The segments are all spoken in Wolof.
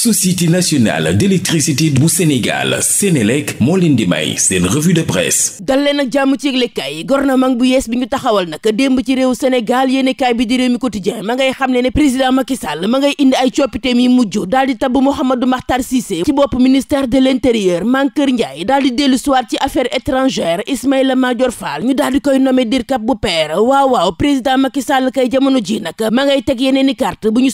société nationale d'électricité bu Sénégal Sénélec moo leen di may seen revue de presse dal leen ak jàmm ci yëglekaay gouvernement bu yees bi ñu taxawal nag démb ci réew Sénégal yéenekaay bi di réew mi quotidien ma ngay xam ne ne président Macky Sall ma ngay indi ay coppiteem yi mujj daal di tabb Mouhamadou Makhtar Cissé ci bopp ministère de l'intérieur Mankeur Ndiaye daal di dellu soir ci affaires étrangères Ismaïla Madior Fall ñu daal di koy nommé DIRCAP bu père waaw waaw ji nag ma ngay teg yeneen i carte bu ñu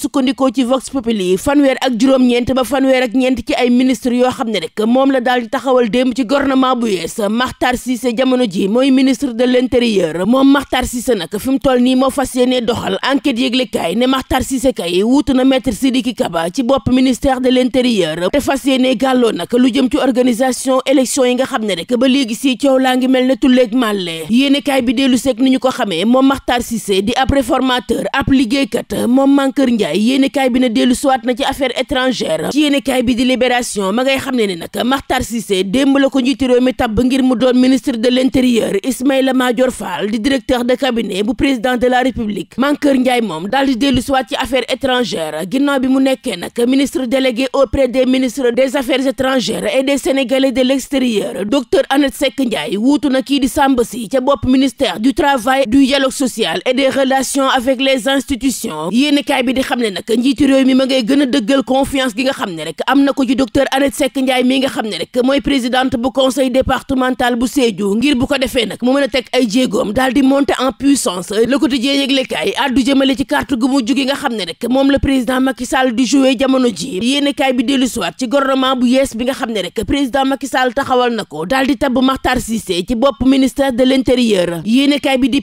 ñeent ba fanweer ak ñeent ci ay ministre yoo xam ne rek moom la daal di taxawal démb ci gouvernement bu yees Makhtar Cissé jamono ji mooy ministre de l'intérieur moom Makhtar Cissé nag fi mu toll nii kay wuutu na maître Sidiki Kaba ci bopp ministère de l'intérieur te fas yéenee gàlloo nag lu jëm ci organisation élection yi nga xam ne rek ba léegi si coow laa bi dellu seeg ni ñu ko xamee moom Makhtar Cissé di ab réformateur ab liggéeykat moom Mankeur Ndiaye yéenekaay bi ne dellu siwaat na ci affaire judiciaire ci yéenekaay bi di libération ma xam ne ni nag Makhtar Cissé démb la ko njiitu réew mi tabb ngir mu doon ministre de l'intérieur Ismaïla Madior Fall di directeur de cabinet bu président de la république Mankeur Ndiaye moom daal di dellu siwaat ci affaires étrangères ginnaaw bi mu nekkee nag ministre délégué auprès des ministres des affaires e et des sénégalais de l'extérieur docteur Annette Seck Ndiaye wuutu na kii di Samba Sy ca bopp ministère du travail du dialogue social et des relations avec les institutions yéenekaay bi di xam ne nag njiitu réew mi ma ngay gën a dëggal confiance gi nga xam ne rek am na ko ci docteur Annette Seck Ndiaye mi nga xam ne rek mooy présidente bu conseil départemental bu Sédhiou ngir bu ko defee nag mu mën a teg ay jéegoom daal di monter en puissance le quotidien yëglekaay addu jëmale ci carte gu mujj gi nga xam ne rek moom la président Macky Sall di jouer jamono ji yéenekaay bi dellu siwaat ci gouvernement bu yees bi nga xam ne rek président Macky taxawal na ko daal di tabb Makhtar Cissé ci bopp ministère de l'intérieur yéenekaay bi e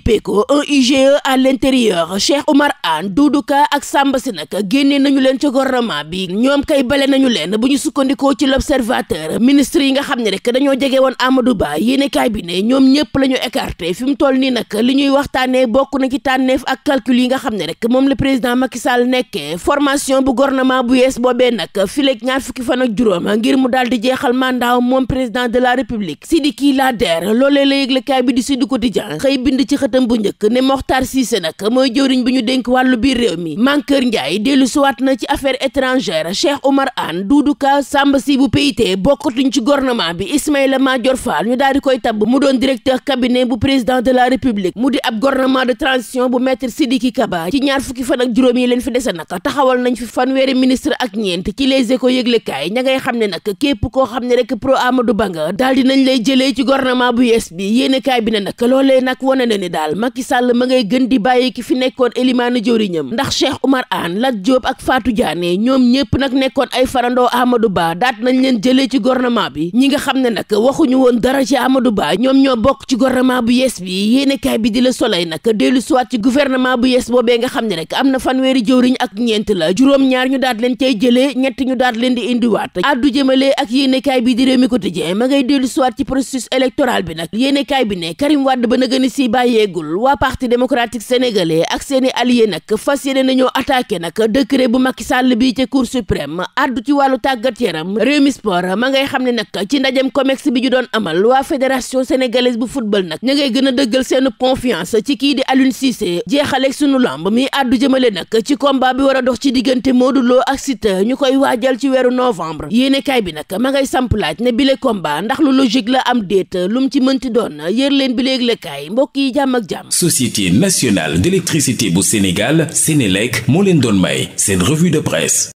e bi ñoom kay bale nañu leen bu ñu sukkandikoo ci l'observateur ministre yi nga xam ne rek dañoo jege woon amadu Ba yéenekaay bi ne ñoom ñëpp la ñu écarté fi mu toll nii nag li ñuy waxtaanee bokk na ci tànneef ak calcul yi nga xam ne rek moom le président Macky Sall nekkee formation bu gouvernement bu yees boobee nag fileeg ñaar fukki fan ak juróom ngir mu daal di jeexal mandat moom président de la république Sidiki Lader loolee la yëglekaay bi di Sud Quotidien xëy bind ci xëtam bu njëkk ne Mokhtar Cissé nag mooy jëwriñ bi ñu dénk wàllu biir réew mi Mankeur Ndiaye dellu suwaat na ci affaire étrangère Cheikh Omar Anne Doudou Ka Samba Sy bu PIT bokkatuñ ci gouvernement bi Ismaïla Madior Fall ñu daal di koy tabb mu doon directeur cabinet bu président de la république mu di ab gouvernement de transition bu maître Sidiki Kaba ci ñaar fukki fan ak juróom yi leen fi dese naka taxawal nañ fi fanweeri ministre ak ñeent ci les éco yëglekaay ña ngay xam ne nag képp koo xam ne rek pro Amadou Ba nga daal di nañ lay jëlee ci gouvernement bu yees bi yéenekaay bi ne nag loolee nag wane na ne daal Macky Sall ma ngay gën di bàyyi ki fi nekkoon Elimane jëwriñam ndax Cheikh Omar Anne Lat Diop ak Fatou Diané ñoom ñëpp nag nekkoon ay farandoo Amadou Ba daat nañ leen jëlee ci gouvernement bi ñi nga xam ne nag waxuñu woon dara ci Amadou Ba ñoom ñoo bokk ci gouvernement bu yees bi yéenekaay bi di la Soleil nag dellu siwaat ci gouvernement bu yees boobee nga xam ne rek am na fanweeri jëwriñ ak ñeent la juróom-ñaar ñu daat leen cay jëlee ñett ñu daat leen di indiwaat addu jëmale ak yéenekaay bi di Rewmi Quotidien ma ngay dellu siwaat ci processus électoral bi nag yéenekaay bi ne Karim Wade ba na gën a si bàyyeegul waa parti démocratique ak seeni alliés nag fas yéene nañoo attaqué nag décret bu Macky Sall bi ca cour suprême itam addu ci wàllu tàggat yaram Rewmi Sport ma ngay xam ne nag ci ndajem COMEX bi ju doon amal waa fédération sénégalaise bu football nag ñu ngay gën a dëggal seen confiance ci kii di Aliou jeexale jeexaleeg sunu lamb mi addu jëmale nag ci combat bi war a dox ci diggante moo Modou Lo ak Siteu ñu koy waajal ci weeru novembre yéenekaay bi nag ma ngay samp laaj ne bile combat ndax lu logique la am déet lu mu ci mënti doon yër leen bi léegi lekkaay mbokk yi jàmm ak jàmm. Société nationale d'électricité bu Sénégal Sénélec moo leen doon may seen revue de presse.